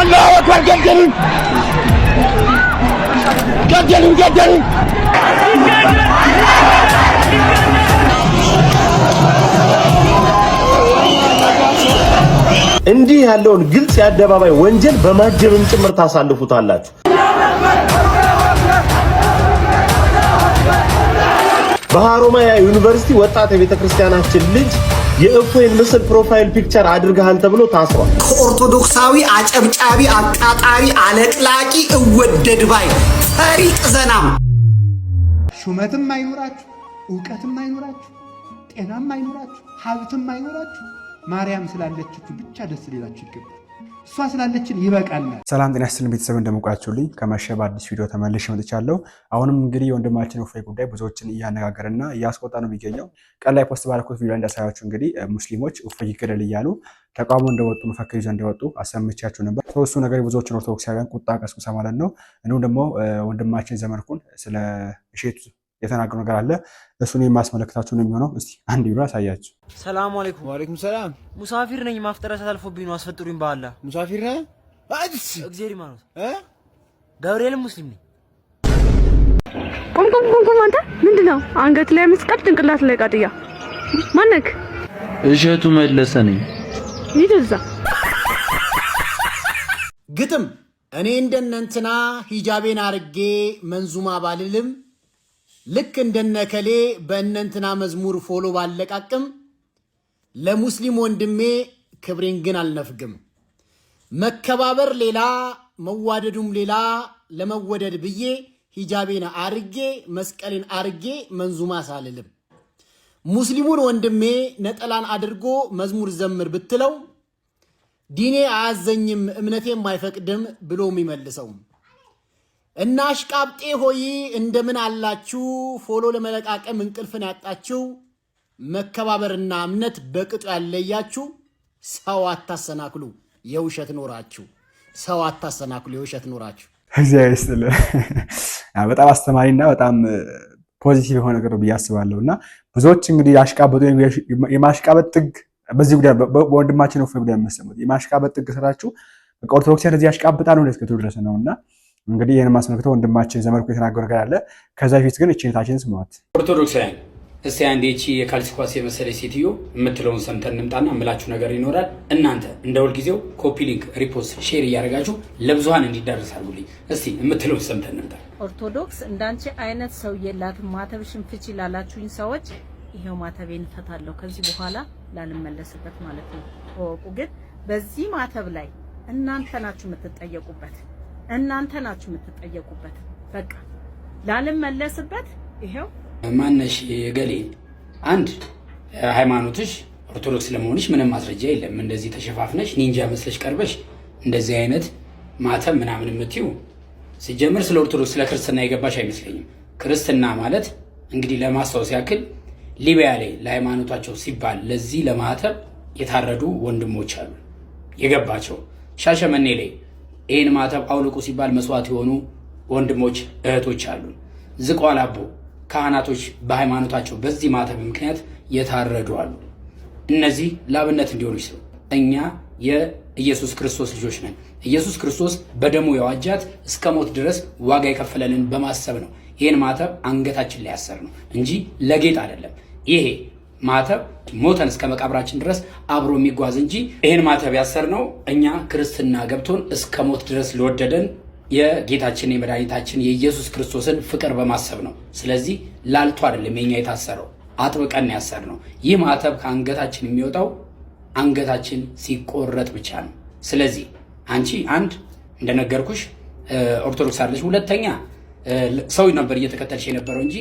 አላሁ አክበር! እንዲህ ያለውን ግልጽ የአደባባይ ወንጀል በማጀብም ጭምር ታሳልፉታላችሁ። በሐሮማያ ዩኒቨርሲቲ ወጣት የቤተክርስቲያናችን ልጅ የእፎይን ምስል ፕሮፋይል ፒክቸር አድርገሃል ተብሎ ታስሯል። ከኦርቶዶክሳዊ አጨብጫቢ፣ አቃጣሪ፣ አለቅላቂ እወደድ ባይ ፈሪቅ ዘናም ሹመትም አይኖራችሁ፣ እውቀትም አይኖራችሁ፣ ጤናም አይኖራችሁ፣ ሀብትም አይኖራችሁ፣ ማርያም ስላለችሁ ብቻ ደስ ሌላችሁ ይገባል። እሷ ስላለችን ይበቃልናል። ሰላም ጤና ይስጥልን ቤተሰብ እንደመቆያችሁልኝ ከመሸ በአዲስ ቪዲዮ ተመልሼ መጥቻለሁ። አሁንም እንግዲህ የወንድማችን እፎይ ጉዳይ ብዙዎችን እያነጋገረና እያስቆጣ ነው የሚገኘው። ቀን ላይ ፖስት ባደረኩት ቪዲዮ እንዳሳያችሁ እንግዲህ ሙስሊሞች እፎይ ይገደል እያሉ ተቃውሞ እንደወጡ መፈክር ይዘው እንደወጡ አሰምቻችሁ ነበር። እሱ ነገር ብዙዎችን ኦርቶዶክሳውያን ቁጣ ቀስቁሳ ማለት ነው። እንዲሁም ደግሞ ወንድማችን ዘመድኩን ስለ እሸቱ የተናገሩ ነገር አለ። እሱን የማስመለክታችሁ ነው የሚሆነው። እስቲ አንድ ቢሮ ያሳያችሁ። ሰላም አለይኩም። ዋለይኩም ሰላም። ሙሳፊር ነኝ። ማፍጠሪያ ሳታልፎብኝ ነው። አስፈጥሩኝ። በኋላ ሙሳፊር ነህ? እግዚአብሔር ይማኖት። ገብርኤልም ሙስሊም ነኝ። ቁምቁም ቁምቁም። አንተ ምንድ ነው አንገት ላይ መስቀል፣ ጭንቅላት ላይ ቃጥያ? ማነክ? እሸቱ መለሰ ነኝ። ይደዛ ግጥም እኔ እንደነንትና ሂጃቤን አርጌ መንዙማ ባልልም ልክ እንደነከሌ በእነንትና መዝሙር ፎሎ ባለቃቅም ለሙስሊም ወንድሜ ክብሬን ግን አልነፍግም። መከባበር ሌላ መዋደዱም ሌላ። ለመወደድ ብዬ ሂጃቤን አርጌ መስቀሌን አርጌ መንዙማ ሳልልም ሙስሊሙን ወንድሜ ነጠላን አድርጎ መዝሙር ዘምር ብትለው ዲኔ አያዘኝም እምነቴም አይፈቅድም ብሎም ይመልሰውም። እና አሽቃብጤ ሆይ እንደምን አላችሁ? ፎሎ ለመለቃቀም እንቅልፍን ያጣችሁ መከባበርና እምነት በቅጡ ያለያችሁ ሰው አታሰናክሉ፣ የውሸት ኖራችሁ። ሰው አታሰናክሉ፣ የውሸት ኖራችሁ። እዚያ ይስጥል። በጣም አስተማሪና በጣም ፖዚቲቭ የሆነ ነገር ብዬ አስባለሁ። እና ብዙዎች እንግዲህ ያሽቃበጡ የማሽቃበጥ ጥግ በዚህ ጉዳይ በወንድማችን እፎይ ጉዳይ የምሰሙት የማሽቃበጥ ጥግ ስራችሁ ኦርቶዶክሲያን እዚህ ያሽቃብጣሉ እስከ ድረስ ነው እና እንግዲህ ይህን አስመልክቶ ወንድማችን ዘመድኩ የተናገሩ ነገር አለ። ከዛ ፊት ግን እቺ ስሟት። ኦርቶዶክሳውያን እስቲ አንዴ ቺ የካልሲ ኳስ የመሰለ ሴትዮ የምትለውን ሰምተን እንምጣና የምላችሁ ነገር ይኖራል። እናንተ እንደ ሁልጊዜው ኮፒ ሊንክ፣ ሪፖስት፣ ሼር እያደረጋችሁ ለብዙሀን እንዲዳረስ አድርጉልኝ። እስቲ የምትለውን ሰምተን እንምጣ። ኦርቶዶክስ እንዳንቺ አይነት ሰው የላት ማተብሽን ሽንፍች ላላችሁኝ ሰዎች ይሄው ማተቤን እፈታለሁ። ከዚህ በኋላ ላልመለስበት ማለት ነው። ወቁ ግን በዚህ ማተብ ላይ እናንተ ናችሁ የምትጠየቁበት። እናንተ ናችሁ የምትጠየቁበት። በቃ ላልመለስበት ይሄው። ማነሽ ገሌ፣ አንድ ሃይማኖትሽ ኦርቶዶክስ ለመሆንሽ ምንም ማስረጃ የለም። እንደዚህ ተሸፋፍነሽ ኒንጃ መስለሽ ቀርበሽ እንደዚህ አይነት ማተም ምናምን የምትዩ ሲጀምር ስለ ኦርቶዶክስ ስለ ክርስትና የገባሽ አይመስለኝም። ክርስትና ማለት እንግዲህ ለማስታወስ ያክል ሊቢያ ላይ ለሃይማኖታቸው ሲባል ለዚህ ለማተብ የታረዱ ወንድሞች አሉ የገባቸው ሻሸመኔ ላይ ይህን ማተብ አውልቁ ሲባል መስዋዕት የሆኑ ወንድሞች እህቶች አሉ። ዝቋላ አቦ ካህናቶች በሃይማኖታቸው በዚህ ማተብ ምክንያት የታረዱ አሉ። እነዚህ ላብነት እንዲሆኑ ይስሩ። እኛ የኢየሱስ ክርስቶስ ልጆች ነን። ኢየሱስ ክርስቶስ በደሙ የዋጃት እስከ ሞት ድረስ ዋጋ የከፈለልን በማሰብ ነው ይህን ማተብ አንገታችን ላይ ያሰር ነው እንጂ ለጌጥ አይደለም። ይሄ ማተብ ሞተን እስከ መቃብራችን ድረስ አብሮ የሚጓዝ እንጂ ይህን ማተብ ያሰር ነው እኛ ክርስትና ገብቶን እስከ ሞት ድረስ ለወደደን የጌታችን የመድኃኒታችን የኢየሱስ ክርስቶስን ፍቅር በማሰብ ነው። ስለዚህ ላልቶ አይደለም የኛ የታሰረው አጥብቀን ያሰር ነው። ይህ ማተብ ከአንገታችን የሚወጣው አንገታችን ሲቆረጥ ብቻ ነው። ስለዚህ አንቺ አንድ እንደነገርኩሽ ኦርቶዶክስ አለች፣ ሁለተኛ ሰው ነበር እየተከተልሽ የነበረው እንጂ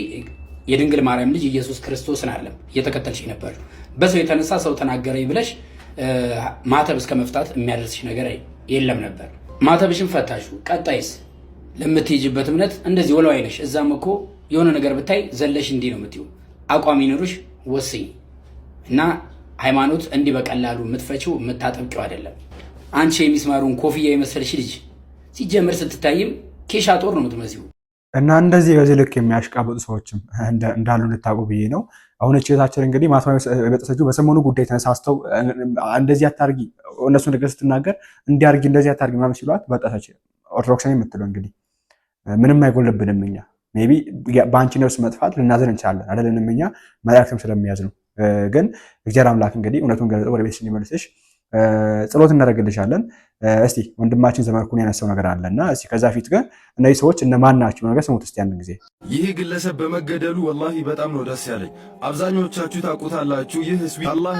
የድንግል ማርያም ልጅ ኢየሱስ ክርስቶስን ዓለም እየተከተልሽ ነበር። በሰው የተነሳ ሰው ተናገረኝ ብለሽ ማተብ እስከ መፍታት የሚያደርስሽ ነገር የለም ነበር። ማተብሽን ፈታሹ። ቀጣይስ ለምትሄጅበት እምነት እንደዚህ ወለው አይነሽ። እዛም እኮ የሆነ ነገር ብታይ ዘለሽ እንዲህ ነው የምትይው። አቋም ይኑርሽ፣ ወስኝ እና ሃይማኖት እንዲህ በቀላሉ የምትፈችው የምታጠብቂው አይደለም። አንቺ የሚስማሩን ኮፍያ የመሰልሽ ልጅ ሲጀምር ስትታይም ኬሻ ጦር ነው የምትመዚው። እና እንደዚህ በዚህ ልክ የሚያሽቃብጡ ሰዎችም እንዳሉ ልታውቁ ብዬ ነው። አሁነች ጌታችን እንግዲህ ማስማሚ በጠሰችው በሰሞኑ ጉዳይ ተነሳስተው እንደዚህ አታርጊ፣ እነሱ ነገር ስትናገር እንዲያርጊ እንደዚህ አታርጊ ምናምን ሲሏት በጠሰች። ኦርቶዶክስ የምትለው እንግዲህ ምንም አይጎልብንም እኛ ሜይ ቢ በአንቺ ነፍስ መጥፋት ልናዘን እንችላለን አደለንም እኛ መላእክትም ስለሚያዝ ነው። ግን እግዚአብሔር አምላክ እንግዲህ እውነቱን ገልጸው ወደ ቤት ስንመልሰሽ ጸሎት እናደርግልሻለን። እስቲ ወንድማችን ዘመርኩን ያነሳው ነገር አለና እስቲ ከዛ ፊት ግን እነዚህ ሰዎች እነማን ናቸው ነገር ስሙት እስቲ ያንን ጊዜ። ይህ ግለሰብ በመገደሉ ወላሂ በጣም ነው ደስ ያለኝ። አብዛኞቻችሁ ታውቁታላችሁ። ይህ ህዝቢ አላህ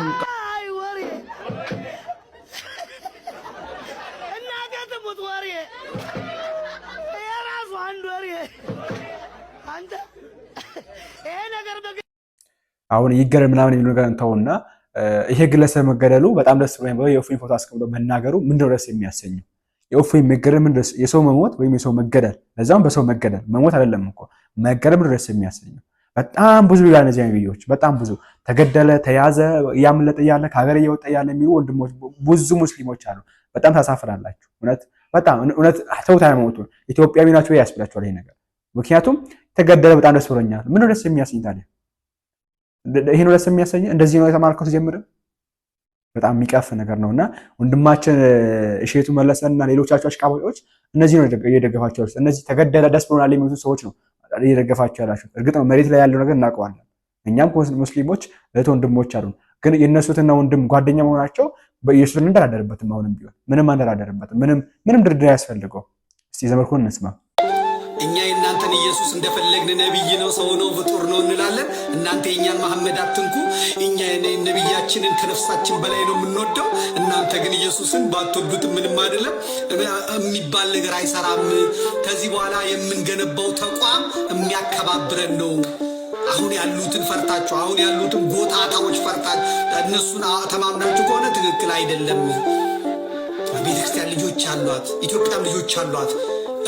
አሁን ይገረም ምናምን የሚሉ ነገር እንተውና ይሄ ግለሰብ መገደሉ በጣም ደስ ብሎኝ ብለው የእፎይን ፎቶ አስቀምጦ መናገሩ ምንድነው ደስ የሚያሰኘው? የእፎይ መገደል ምንድን ነው? የሰው መሞት ወይም የሰው መገደል፣ ለዛም በሰው መገደል መሞት አይደለም እኮ መገደል ምንድነው ደስ የሚያሰኘው? በጣም ብዙ ይላል እነዚህ ቪዲዮዎች፣ በጣም ብዙ ተገደለ፣ ተያዘ፣ እያመለጠ ያለ ከሀገር እየወጣ ያለ የሚሉ ወንድሞች ብዙ ሙስሊሞች አሉ። በጣም ታሳፍራላችሁ። እውነት በጣም እውነት ተውታ ሃይማኖቱ ኢትዮጵያዊ ናቸው ያስብላችኋል ይሄ ነገር። ምክንያቱም ተገደለ በጣም ደስ ብሎኛል። ምንድነው ደስ የሚያሰኝ ታዲያ? ይሄን ሁለት የሚያሰኝ እንደዚህ ነው የተማርከው ጀምር በጣም የሚቀፍ ነገር ነውና ወንድማችን እሼቱ መለሰና ሌሎቻቸው አሽቃባጮች እነዚህ ነው እየደገፋቸው ያሉት። እነዚህ ተገደለ ደስ ብሎናል የሚሉት ሰዎች ነው እየደገፋቸው ያላቸው። እርግጥ ነው መሬት ላይ ያለው ነገር እናውቀዋለን። እኛም ሙስሊሞች እህት ወንድሞች አሉን። ግን የእነሱትና ወንድም ጓደኛ መሆናቸው በኢየሱስ እንደራደርበትም አሁንም ቢሆን ምንም አንደራደርበትም። ምንም ምንም ድርድር ያስፈልገው። እስቲ ዘመርኩን እንስማ። እኛ የእናንተን ኢየሱስ እንደፈለግን ነቢይ ነው፣ ሰው ነው፣ ፍጡር ነው እንላለን። እናንተ የእኛን መሐመድ አትንኩ። እኛ ነቢያችንን ከነፍሳችን በላይ ነው የምንወደው። እናንተ ግን ኢየሱስን ባትወዱት ምንም አይደለም የሚባል ነገር አይሰራም። ከዚህ በኋላ የምንገነባው ተቋም የሚያከባብረን ነው። አሁን ያሉትን ፈርታችሁ አሁን ያሉትን ጎታታዎች ፈርታችሁ እነሱን ተማምናችሁ ከሆነ ትክክል አይደለም። ቤተክርስቲያን ልጆች አሏት፣ ኢትዮጵያም ልጆች አሏት።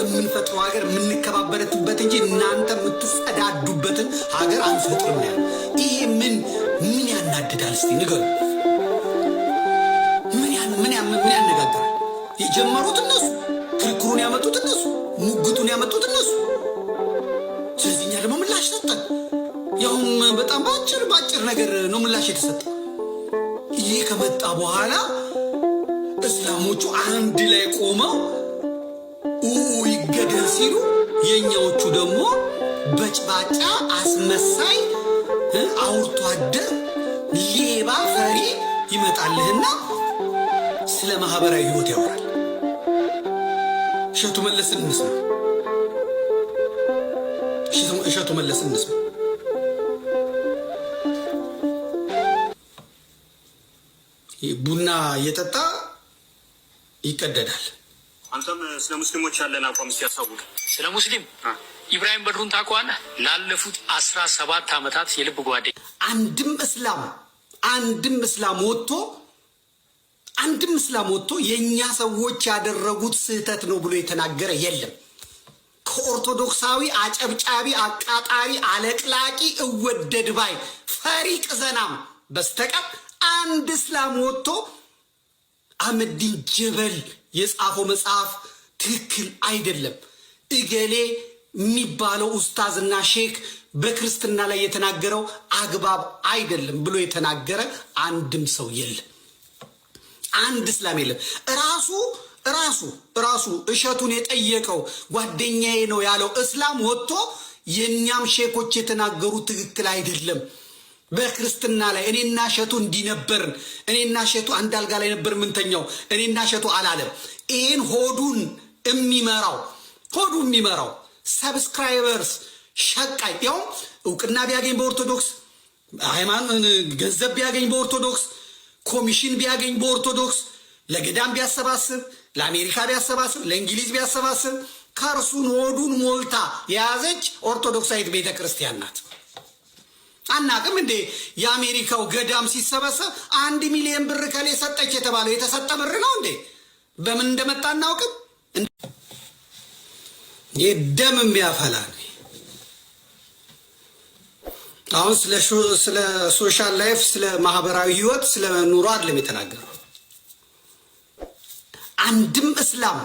የምንፈጥረው ሀገር የምንከባበረትበት እንጂ እናንተ የምትፈዳዱበትን ሀገር አንፈጥርም። ያ ይሄ ምን ምን ያናድዳል? እስቲ ንገሩ። ምን ያነጋግራል? የጀመሩት እነሱ፣ ክርክሩን ያመጡት እነሱ፣ ሙግቱን ያመጡት እነሱ። ስለዚህ እኛ ደግሞ ምላሽ ሰጠን። ያውም በጣም በአጭር በአጭር ነገር ነው ምላሽ የተሰጠ። ይህ ከመጣ በኋላ እስላሞቹ አንድ ላይ ቆመው ገደል ሲሉ የእኛዎቹ ደግሞ በጭባጫ አስመሳይ አውርቶ አደር ሌባ ፈሪ ይመጣልህና ስለ ማህበራዊ ህይወት ያወራል። እሸቱ መለስ እንስማ። እሸቱ መለስ እንስማ። ቡና እየጠጣ ይቀደዳል። አንተም ስለ ሙስሊሞች ያለን አቋም ሲያሳውቅ ስለ ሙስሊም ኢብራሂም በድሩን ታውቀዋለህ? ላለፉት አስራ ሰባት ዓመታት የልብ ጓደኝ አንድም እስላም አንድም እስላም ወጥቶ አንድም እስላም ወጥቶ የእኛ ሰዎች ያደረጉት ስህተት ነው ብሎ የተናገረ የለም። ከኦርቶዶክሳዊ አጨብጫቢ፣ አቃጣሪ፣ አለቅላቂ፣ እወደድ ባይ ፈሪቅ ዘናም በስተቀር አንድ እስላም ወጥቶ አህመዲን ጀበል የጻፈው መጽሐፍ ትክክል አይደለም። እገሌ የሚባለው ኡስታዝና ሼክ በክርስትና ላይ የተናገረው አግባብ አይደለም ብሎ የተናገረ አንድም ሰው የለም። አንድ እስላም የለም። ራሱ ራሱ ራሱ እሸቱን የጠየቀው ጓደኛዬ ነው ያለው እስላም ወጥቶ የእኛም ሼኮች የተናገሩ ትክክል አይደለም በክርስትና ላይ እኔና ሸቱ እንዲነበርን እኔና ሸቱ አንድ አልጋ ላይ ነበር ምንተኛው እኔና ሸቱ አላለም። ይህን ሆዱን የሚመራው ሆዱ የሚመራው ሰብስክራይበርስ ሸቃይ ያው እውቅና ቢያገኝ በኦርቶዶክስ ሃይማኖት ገንዘብ ቢያገኝ በኦርቶዶክስ ኮሚሽን ቢያገኝ በኦርቶዶክስ ለገዳም ቢያሰባስብ ለአሜሪካ ቢያሰባስብ ለእንግሊዝ ቢያሰባስብ ከእርሱን ሆዱን ሞልታ የያዘች ኦርቶዶክሳዊት ቤተ ክርስቲያን ናት። አናቅም እንዴ? የአሜሪካው ገዳም ሲሰበሰብ አንድ ሚሊዮን ብር ከሌ ሰጠች የተባለው የተሰጠ ብር ነው እንዴ? በምን እንደመጣ አናውቅም። ደም የሚያፈላል አሁን ስለ ሶሻል ላይፍ፣ ስለ ማህበራዊ ህይወት፣ ስለ ኑሮ አይደለም የተናገረው። አንድም እስላም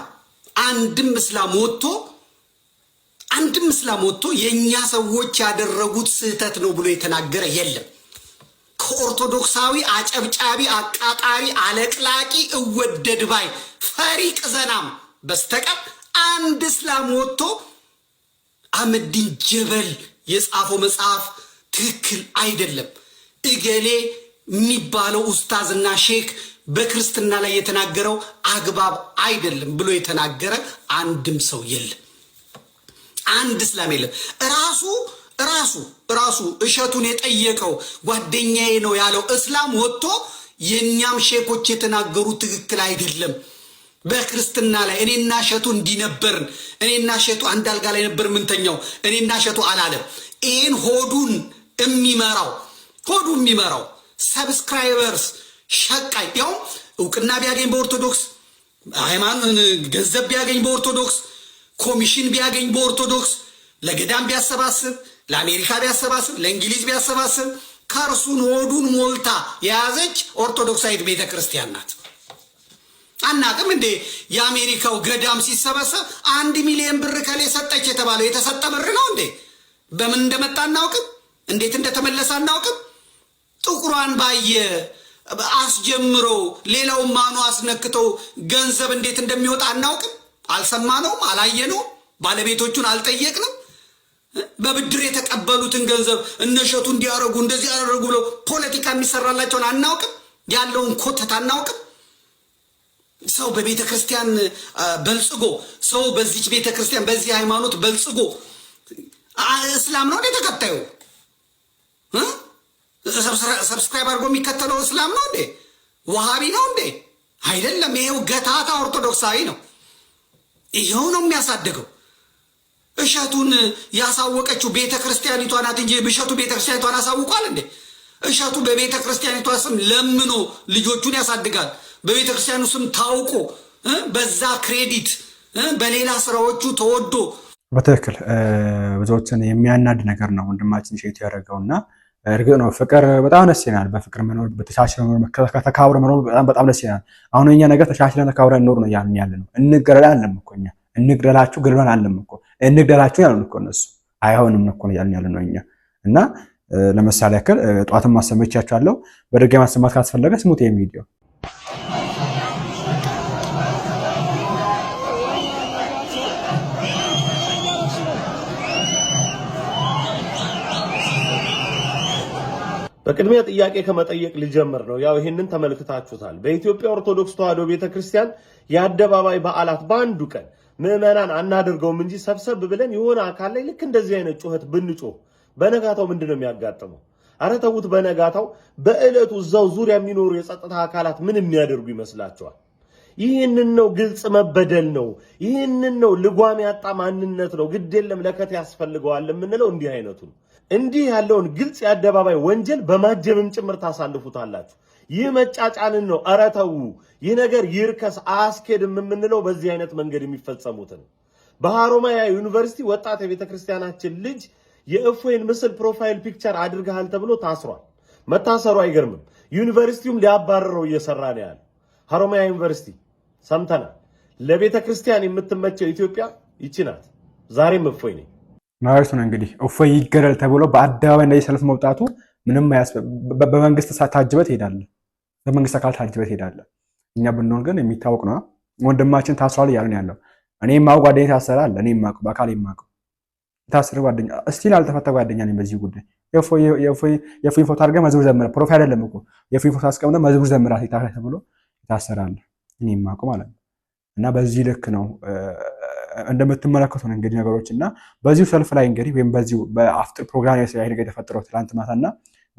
አንድም እስላም ወጥቶ አንድም እስላም ወጥቶ የእኛ ሰዎች ያደረጉት ስህተት ነው ብሎ የተናገረ የለም። ከኦርቶዶክሳዊ አጨብጫቢ፣ አቃጣሪ፣ አለቅላቂ፣ እወደድ ባይ ፈሪቅ ዘናም በስተቀር አንድ እስላም ወጥቶ አህመዲን ጀበል የጻፈው መጽሐፍ ትክክል አይደለም፣ እገሌ የሚባለው ኡስታዝና ሼክ በክርስትና ላይ የተናገረው አግባብ አይደለም ብሎ የተናገረ አንድም ሰው የለም። አንድ እስላም የለም። ራሱ ራሱ ራሱ እሸቱን የጠየቀው ጓደኛዬ ነው ያለው እስላም ወጥቶ የእኛም ሼኮች የተናገሩት ትክክል አይደለም በክርስትና ላይ እኔና እሸቱ እንዲነበርን እኔና እሸቱ አንድ አልጋ ላይ ነበር ምንተኛው እኔና እሸቱ አላለም። ይህን ሆዱን የሚመራው ሆዱ የሚመራው ሰብስክራይበርስ ሸቃይ ያውም እውቅና ቢያገኝ በኦርቶዶክስ ሃይማኖት ገንዘብ ቢያገኝ በኦርቶዶክስ ኮሚሽን ቢያገኝ በኦርቶዶክስ ለገዳም ቢያሰባስብ ለአሜሪካ ቢያሰባስብ ለእንግሊዝ ቢያሰባስብ ከእርሱን ሆዱን ሞልታ የያዘች ኦርቶዶክሳዊት ቤተ ክርስቲያን ናት። አናቅም እንዴ? የአሜሪካው ገዳም ሲሰበሰብ አንድ ሚሊዮን ብር ከሌ ሰጠች የተባለው የተሰጠ ብር ነው እንዴ? በምን እንደመጣ አናውቅም። እንዴት እንደተመለሰ አናውቅም። ጥቁሯን ባየ አስጀምሮ ሌላውን ማኑ አስነክተው ገንዘብ እንዴት እንደሚወጣ አናውቅም። አልሰማነውም፣ አላየነውም፣ ባለቤቶቹን አልጠየቅንም። በብድር የተቀበሉትን ገንዘብ እነሸቱ እንዲያደርጉ እንደዚህ ያደረጉ ብለው ፖለቲካ የሚሰራላቸውን አናውቅም፣ ያለውን ኮተት አናውቅም። ሰው በቤተ ክርስቲያን በልጽጎ ሰው በዚች ቤተ ክርስቲያን በዚህ ሃይማኖት በልጽጎ እስላም ነው እንዴ ተከታዩ ሰብስክራይብ አድርጎ የሚከተለው እስላም ነው እንዴ? ውሃቢ ነው እንዴ? አይደለም። ይሄው ገታታ ኦርቶዶክሳዊ ነው። ይኸው ነው የሚያሳድገው። እሸቱን ያሳወቀችው ቤተ ክርስቲያኒቷ ናት እንጂ እሸቱ ቤተ ክርስቲያኒቷን አሳውቋል እንዴ? እሸቱ በቤተ ክርስቲያኒቷ ስም ለምኖ ልጆቹን ያሳድጋል። በቤተ ክርስቲያኑ ስም ታውቆ በዛ ክሬዲት በሌላ ስራዎቹ ተወዶ በትክክል ብዙዎችን የሚያናድ ነገር ነው ወንድማችን ሼቱ ያደረገውና እርግጥ ነው ፍቅር በጣም ደስ ይላል። በፍቅር መኖር፣ በተሻሽለ መኖር፣ ተካብረ መኖር በጣም በጣም ደስ ይላል። አሁን እኛ ነገር ተሻሽለን ተካብረ ኖር ነው ያን ያለ ነው። እንግረላ አለም እኮ እኛ እንግደላችሁ ግድለን አለም እኮ እንግደላችሁ ያሉን እኮ እነሱ አይሆንም እኮ ያልን ያለ ነው እኛ እና ለምሳሌ ያክል ጠዋትን ማሰመቻችኋለሁ። በድጋሚ ማሰማት ካስፈለገ ስሙት የሚዲዮ በቅድሚያ ጥያቄ ከመጠየቅ ልጀምር ነው። ያው ይህንን ተመልክታችሁታል። በኢትዮጵያ ኦርቶዶክስ ተዋሕዶ ቤተ ክርስቲያን የአደባባይ በዓላት በአንዱ ቀን ምዕመናን አናደርገውም እንጂ ሰብሰብ ብለን የሆነ አካል ላይ ልክ እንደዚህ አይነት ጩኸት ብንጮህ በነጋታው ምንድን ነው የሚያጋጥመው? አረ በነጋታው በዕለቱ እዛው ዙሪያ የሚኖሩ የጸጥታ አካላት ምን የሚያደርጉ ይመስላችኋል? ይህንን ነው ግልጽ መበደል ነው። ይህንን ነው ልጓም ያጣ ማንነት ነው። ግድ የለም ለከት ያስፈልገዋል የምንለው እንዲህ አይነቱ ነው። እንዲህ ያለውን ግልጽ የአደባባይ ወንጀል በማጀብም ጭምር ታሳልፉታላችሁ። ይህ መጫጫንን ነው። ኧረ ተው፣ ይህ ነገር ይርከስ አያስኬድም የምንለው በዚህ አይነት መንገድ የሚፈጸሙትን በሐሮማያ ዩኒቨርሲቲ ወጣት የቤተ ክርስቲያናችን ልጅ የእፎይን ምስል ፕሮፋይል ፒክቸር አድርገሃል ተብሎ ታስሯል። መታሰሩ አይገርምም። ዩኒቨርሲቲውም ሊያባረረው እየሰራ ነው ያለ ሐሮማያ ዩኒቨርሲቲ ሰምተናል። ለቤተ ክርስቲያን የምትመቸው ኢትዮጵያ ይቺ ናት። ዛሬም እፎይ ነኝ። ማለቱ ነው። እንግዲህ እፎይ ይገደል ተብሎ በአደባባይ እንደዚህ ሰልፍ መውጣቱ ምንም በመንግስት ታጅበ ትሄዳለህ፣ በመንግስት አካል ታጅበት ትሄዳለህ። እኛ ብንሆን ግን የሚታወቅ ነው። ወንድማችን ታስሯል እያሉ ነው ያለው። እኔ የማውቅ ጓደኛ ታሰረ አለ። እኔ የማውቅ በአካል የማውቀው የታሰረ ጓደኛ እስቲል አልተፈታ ጓደኛ ነኝ። በዚህ ጉዳይ የእፎይ ፎቶ አድርገህ መዝሙር ዘምረህ ፕሮፋይል አይደለም እኮ የእፎይ ፎቶ አስቀምጠህ መዝሙር ዘምረህ ተብሎ ይታሰራል። እኔ የማውቀው ማለት ነው። እና በዚህ ልክ ነው እንደምትመለከቱ ነው እንግዲህ ነገሮች እና በዚሁ ሰልፍ ላይ እንግዲህ ወይም በዚሁ በአፍጥር ፕሮግራም የስራ ነገር የተፈጠረው ትላንት ማታና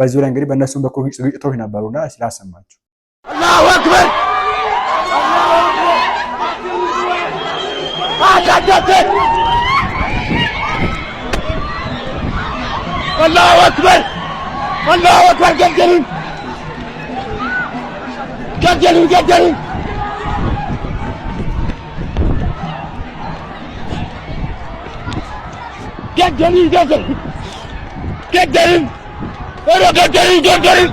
በዚሁ ላይ እንግዲህ በእነሱም በኩል ግጭቶች ነበሩና ስላሰማችሁ አላሁ አክበር አላሁ አክበር አላሁ አክበር ገደሉን ገደሉን ገደሉን Get get gidiyorsun. Get deli. Öyle get deli get deli.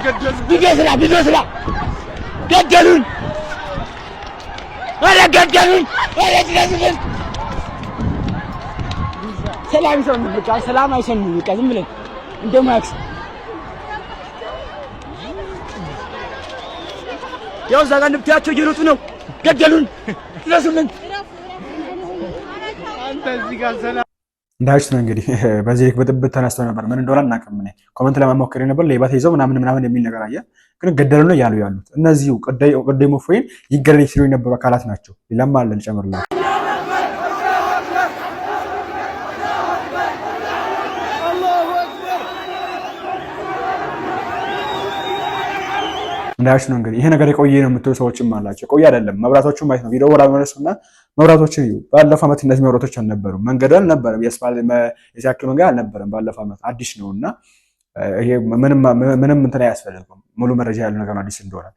Gidiyorsun ha gidiyorsun sıra. Get deli. Öyle get deli. Öyle gidiyorsun. ሰላም ሰው እንብቃ፣ ሰላም አይሰን እንብቃ። ዝም ብለን እንደ ማክስ ያው እዛ ጋር እንደምታያቸው እየሮጡ ነው። ገደሉን፣ ድረሱልን። አንተ እዚህ ጋር ሰላም እንዳያችሁት ነው እንግዲህ በዚህ ልክ ብጥብጥ ተነስተው ነበር። ምን እንደሆነ አናውቅም። እኔ ኮመንት ለማሞከር ነበር ሌባ ተይዘው ምናምን ምናምን የሚል ነገር አየ። ግን ገደሉ ነው ያሉ ያሉት እነዚሁ ቅደም እፎይን ይገደል ሲሉ የነበሩ አካላት ናቸው። ሌላም አለ ልጨምርላችሁ። እንዳያችሁ ነው እንግዲህ ይሄ ነገር የቆየ ነው የምትሉ ሰዎችም አላቸው። የቆየ አይደለም። መብራቶቹ ማለት ነው ቪዲዮ ወራ መለሱና መብራቶች እዩ። ባለፈው ዓመት እነዚህ መብራቶች አልነበሩም፣ መንገዱ አልነበረም፣ የሲያክል መንገድ አልነበረም። ባለፈው ዓመት አዲስ ነው እና ይሄ ምንም እንትን አያስፈልግም። ሙሉ መረጃ ያለው ነገር አዲስ እንደሆነ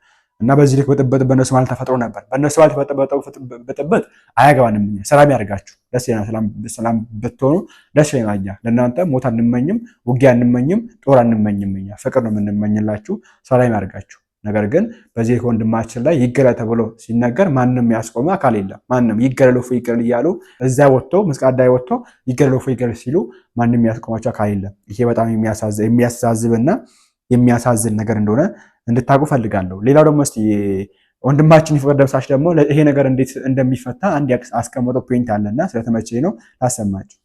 እና በዚህ ልክ ብጥብጥ በእነሱ ማለት ተፈጥሮ ነበር። በእነሱ ማለት ተፈጠረው ብጥብጥ አያገባንም። ሰላም ያደርጋችሁ፣ ደስ ሰላም ብትሆኑ ደስ ይለናል። ለእናንተ ሞት አንመኝም፣ ውጊያ አንመኝም፣ ጦር አንመኝም። እኛ ፍቅር ነው የምንመኝላችሁ። ሰላም ያደርጋችሁ። ነገር ግን በዚህ ወንድማችን ላይ ይገለ ተብሎ ሲነገር ማንም ያስቆመ አካል የለም። ማንም ይገረል እፎይ እያሉ እዛ ወጥቶ መስቃዳ ወጥቶ ይገረል እፎይ ሲሉ ማንም ያስቆማቸው አካል የለም። ይሄ በጣም የሚያሳዝብና የሚያሳዝን ነገር እንደሆነ እንድታውቁ ፈልጋለሁ። ሌላው ደግሞ እስኪ ወንድማችን ይፍቅር ደምሳሽ ደግሞ ይሄ ነገር እንዴት እንደሚፈታ አንድ አስቀምጠው ፖይንት አለና ስለተመቼ ነው ላሰማችሁ።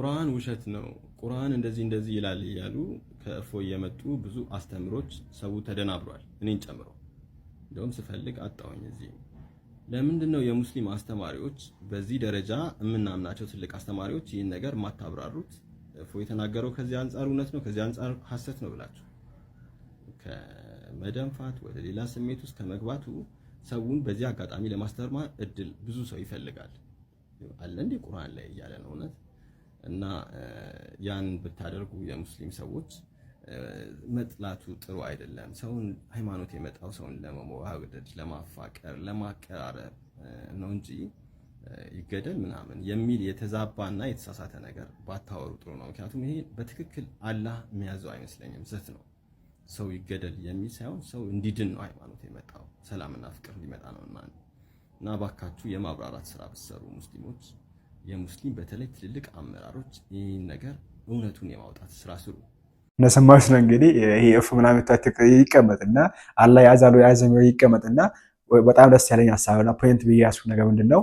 ቁርአን ውሸት ነው፣ ቁርአን እንደዚህ እንደዚህ ይላል እያሉ ከእፎ የመጡ ብዙ አስተምሮች ሰው ተደናብሯል፣ እኔን ጨምሮ። እንደውም ስፈልግ አጣውኝ እዚህ። ለምንድን ነው የሙስሊም አስተማሪዎች በዚህ ደረጃ የምናምናቸው ትልቅ አስተማሪዎች ይህን ነገር ማታብራሩት? እፎ የተናገረው ከዚህ አንጻር እውነት ነው፣ ከዚህ አንጻር ሐሰት ነው ብላችሁ ከመደንፋት ወደ ሌላ ስሜት ውስጥ ከመግባቱ ሰውን በዚህ አጋጣሚ ለማስተማር እድል ብዙ ሰው ይፈልጋል። አለ እንዴ ቁርአን ላይ እያለ ነው እውነት እና ያን ብታደርጉ የሙስሊም ሰዎች መጥላቱ ጥሩ አይደለም። ሰውን ሃይማኖት የመጣው ሰውን ለመዋደድ፣ ለማፋቀር፣ ለማቀራረብ ነው እንጂ ይገደል ምናምን የሚል የተዛባና የተሳሳተ ነገር ባታወሩ ጥሩ ነው። ምክንያቱም ይሄ በትክክል አላህ የሚያዘው አይመስለኝም። ዘት ነው ሰው ይገደል የሚል ሳይሆን ሰው እንዲድን ነው ሃይማኖት የመጣው ሰላምና ፍቅር ሊመጣ ነው እና ባካችሁ የማብራራት ስራ ብትሰሩ ሙስሊሞች የሙስሊም በተለይ ትልልቅ አመራሮች ይህን ነገር እውነቱን የማውጣት ስራ ስሩ። እነሰማዎች ነው እንግዲህ ይሄ እፍ ምናምን ይቀመጥና አላ ያዛሉ ያዘም ይቀመጥና በጣም ደስ ያለኝ ሀሳብ ሀሳብና ፖይንት ብዬ ያስ ነገር ምንድን ነው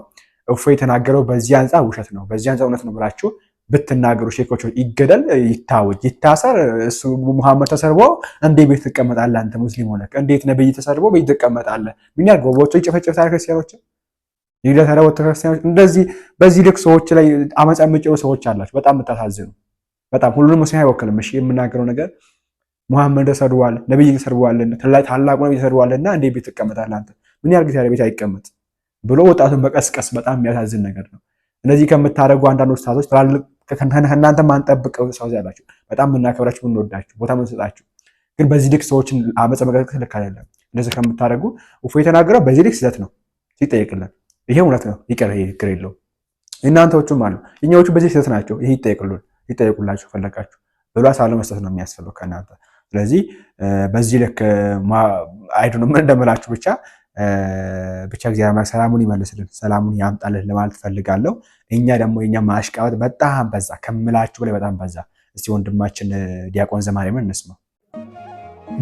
እፎ የተናገረው በዚህ አንፃ ውሸት ነው፣ በዚህ አንፃ እውነት ነው ብላችሁ ብትናገሩ ሼኮች ይገደል፣ ይታወጅ፣ ይታሰር። እሱ ሙሐመድ ተሰርቦ እንዴ ቤት ትቀመጣለህ? አንተ ሙስሊም ሆነ እንዴት ነብይ ተሰርቦ ቤት ትቀመጣለህ? ምን ያርገው? ቦቶ ይጨፈጭፍታል ክርስቲያኖችን የልደታ ዳሞ ቤተክርስቲያኖች እንደዚህ በዚህ ልክ ሰዎች ላይ አመፃ የምጭሩ ሰዎች አላቸው። በጣም የምታሳዝኑ በጣም ሁሉንም ሙስሊም አይወክልም። እሺ የምናገረው ነገር ሙሐመድ ተሰድቧል፣ ነብይ ተሰድቧልና ታላቁ ነብይ ተሰድቧልና እንዴ ቤት ትቀመጣለህ አንተ? ምን ያህል ጊዜ ቤት አይቀመጥ ብሎ ወጣቱን መቀስቀስ በጣም የሚያሳዝን ነገር ነው። እነዚህ ከምታደርጉ አንዳንድ ወጣቶች ትላልቅ ከእናንተ ማንጠብቀው ሰው ያላችሁ በጣም የምናከብራችሁ የምንወዳችሁ ቦታ የምንሰጣችሁ ግን በዚህ ልክ ሰዎችን አመፀ መቀስቀስ ልክ አይደለም። እንደዚህ ከምታደርጉ እፎይ የተናገረው በዚህ ልክ ስህተት ነው ሲጠየቅልን ይሄ እውነት ነው፣ ይቀር፣ ይሄ ችግር የለውም። እናንተዎቹም አሉ እኛዎቹ በዚህ ስህተት ናቸው። ይሄ ይጠየቅሉን ይጠየቁላችሁ ፈለጋችሁ ብሎ አለመስጠት ነው የሚያስፈልገው ከእናንተ። ስለዚህ በዚህ ልክ አይዱ ምን እንደምላችሁ ብቻ ብቻ እግዚአብሔር ሰላሙን ይመልስልን፣ ሰላሙን ያምጣልን ለማለት ፈልጋለሁ። እኛ ደግሞ የኛ ማሽቃበጥ በጣም በዛ ከምላችሁ በላይ በጣም በዛ። እስቲ ወንድማችን ዲያቆን ዘማሪምን እንስማ።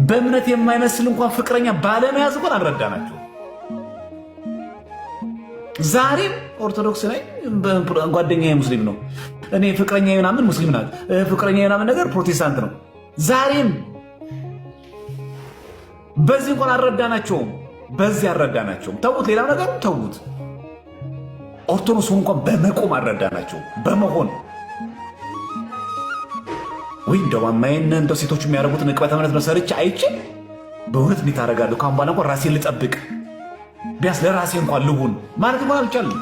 በእምነት የማይመስል እንኳን ፍቅረኛ ባለመያዝ እንኳን አልረዳናቸው ዛሬም ኦርቶዶክስ ላይ ጓደኛ ሙስሊም ነው፣ እኔ ፍቅረኛ ምናምን ሙስሊም ናት፣ ፍቅረኛ ምናምን ነገር ፕሮቴስታንት ነው። ዛሬም በዚህ እንኳን አልረዳናቸውም፣ በዚህ አልረዳናቸውም። ተዉት፣ ሌላው ነገር ተዉት። ኦርቶዶክስ እንኳን በመቆም አልረዳናቸውም። በመሆን ወይ እንደው አማይን እንደው ሴቶች የሚያደርጉትን ንቅበተ እምነት መሰርቼ አይቼ በእውነት እንዴት አደርጋለሁ? ከአሁን በኋላ እንኳን ራሴን ልጠብቅ ቢያስ ለራሴ እንኳን ልሁን ማለት እንኳን አልቻለም።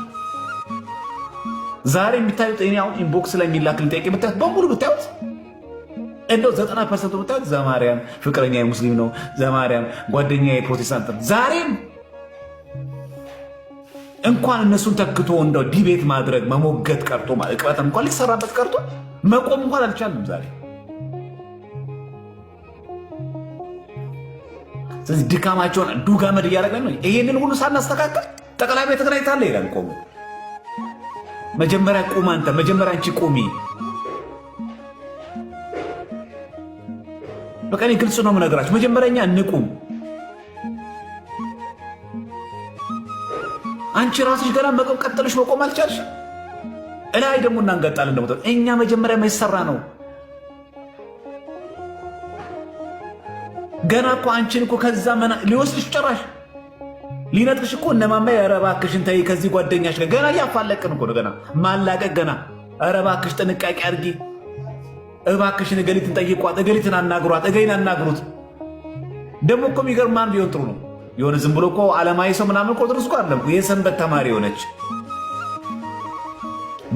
ዛሬ የሚታዩት እኔ አሁን ኢንቦክስ ላይ የሚላክል ጥያቄ ብታዩት በሙሉ ብታዩት እንደው ዘጠና ፐርሰንቱ ብታዩት ዘማርያም ፍቅረኛ ሙስሊም ነው፣ ዘማርያም ጓደኛ ፕሮቴስታንት ነው። ዛሬም እንኳን እነሱን ተክቶ እንደው ዲቤት ማድረግ መሞገት ቀርቶ ቅበታ እንኳን ሊሰራበት ቀርቶ መቆም እንኳን አልቻለም ዛሬ ስለዚህ ድካማቸውን ዱጋመድ እያደረገ ነው። ይሄንን ሁሉ ሳናስተካከል ጠቅላይ ቤት ተገናኝታለ ይላል። ቆሙ መጀመሪያ ቁም አንተ መጀመሪያ አንቺ ቁሚ። በቃ እኔ ግልጽ ነው የምነግራችሁ። መጀመሪያኛ እንቁም። አንቺ ራስሽ ገና መቆም ቀጥልሽ መቆም አልቻልሽ። እላይ ደግሞ እናንገጣለን። እኛ መጀመሪያ የሚሰራ ነው ገና እኮ አንቺን እኮ ከዛ መና ሊወስድሽ ጭራሽ ሊነጥቅሽ እኮ እነማማ ኧረ እባክሽን ተይ ከዚህ ጓደኛሽ ጋር ገና እያፋለቅን እኮ ገና ማላቀቅ ገና ኧረ ጥንቃቄ አድርጊ እባክሽን እገሊትን ጠይቋት፣ እገሊትን አናግሯት፣ እገሊን አናግሩት። ደግሞ እኮ የሚገርም ማን ቢሆን ጥሩ ነው የሆነ ዝም ብሎ እኮ አለማዊ ሰው ምናምን እኮ ጥርስ እኮ አለም የሰንበት ተማሪ የሆነች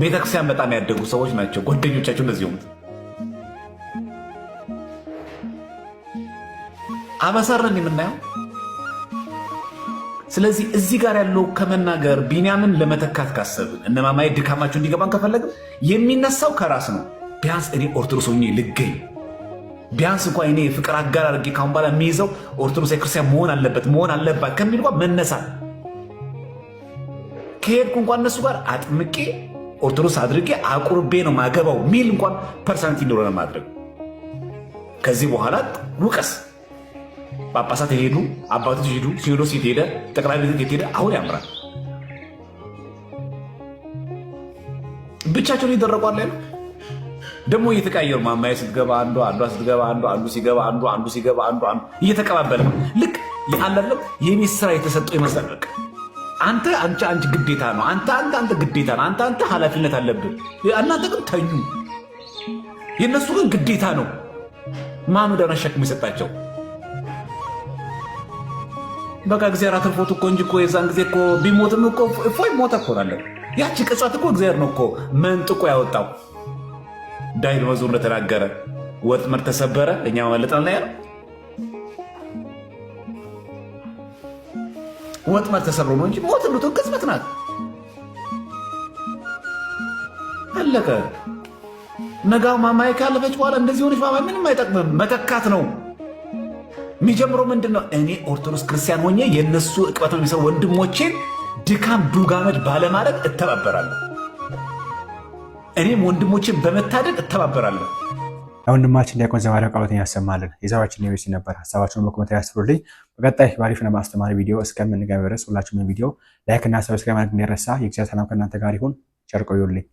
ቤተክርስቲያን በጣም ያደጉ ሰዎች ናቸው ጓደኞቻቸው እንደዚህ አበሰርን የምናየው። ስለዚህ እዚህ ጋር ያለው ከመናገር ቢንያምን ለመተካት ካሰብን እነማማየ ድካማቸው እንዲገባን ከፈለግም የሚነሳው ከራስ ነው። ቢያንስ እኔ ኦርቶዶክስ ሆኜ ልገኝ፣ ቢያንስ እንኳ እኔ ፍቅር አጋር አድርጌ ካሁን በኋላ የሚይዘው ኦርቶዶክስ ክርስቲያን መሆን አለበት መሆን አለባት ከሚል እንኳ መነሳት ከሄድኩ እንኳ እነሱ ጋር አጥምቄ ኦርቶዶክስ አድርጌ አቁርቤ ነው ማገባው ሚል እንኳን ፐርሰናሊቲ እንደሆነ ማድረግ ከዚህ በኋላ ውቀስ ጳጳሳት የሄዱ አባቶች ሄዱ፣ ሲኖዶስ የት ሄደ፣ ጠቅላይ ቤት የት ሄደ? አሁን ያምራል። ብቻቸውን ይደረቋል አለ ደግሞ እየተቀያየሩ ማማዬ ስትገባ አንዱ አንዷ ስትገባ አንዱ አንዱ ሲገባ አንዱ አንዱ ሲገባ አንዱ አንዱ እየተቀባበለ ልክ አላለም የሚስት ስራ የተሰጠው ይመስላል። በቃ አንተ አንቺ አንቺ ግዴታ ነው አንተ አንተ አንተ ግዴታ ነው አንተ አንተ ኃላፊነት አለብን። እናንተ ግን ተኙ። የእነሱ ግን ግዴታ ነው ማምዳን ሸክም የሰጣቸው በቃ እግዚአብሔር አትርፎት እኮ እንጂ እኮ የዛን ጊዜ እኮ ቢሞትም እኮ እፎይ ሞተ እኮ እላለሁ። ያቺ ቅጽበት እኮ እግዚአብሔር ነው እኮ መንጥቆ ያወጣው። ዳዊት መዝሙር እንደተናገረ ወጥመድ ተሰበረ፣ እኛ መለጠል ነው ያለው። ወጥመድ ተሰብሮ ነው እንጂ ሞት እንዱትን ቅጽበት ናት። አለቀ። ነጋው ማማይ ካለፈች በኋላ እንደዚህ ሆነች ማማዬ ምንም አይጠቅምም፣ መተካት ነው። የሚጀምረው ምንድን ነው? እኔ ኦርቶዶክስ ክርስቲያን ሆኜ የእነሱ እቅበት ነው ወንድሞቼን ድካም ዱጋመድ ባለማድረግ እተባበራለሁ። እኔም ወንድሞቼን በመታደግ እተባበራለሁ። ወንድማችን ዲያቆን ዘማሪያው ቃሎትን ያሰማልን። የዛባችን ሌቤሲ ነበር። ሀሳባችሁን በኮመንት ያስፍሩልኝ። በቀጣይ ባሪፍና በአስተማሪ ቪዲዮ እስከምንገበረስ ሁላችሁም ቪዲዮ ላይክ እና ሰብስክራይብ ማድረግ እንዳይረሳ። የእግዚአብሔር ሰላም ከእናንተ ጋር ይሁን። ቸር ቆዩልኝ።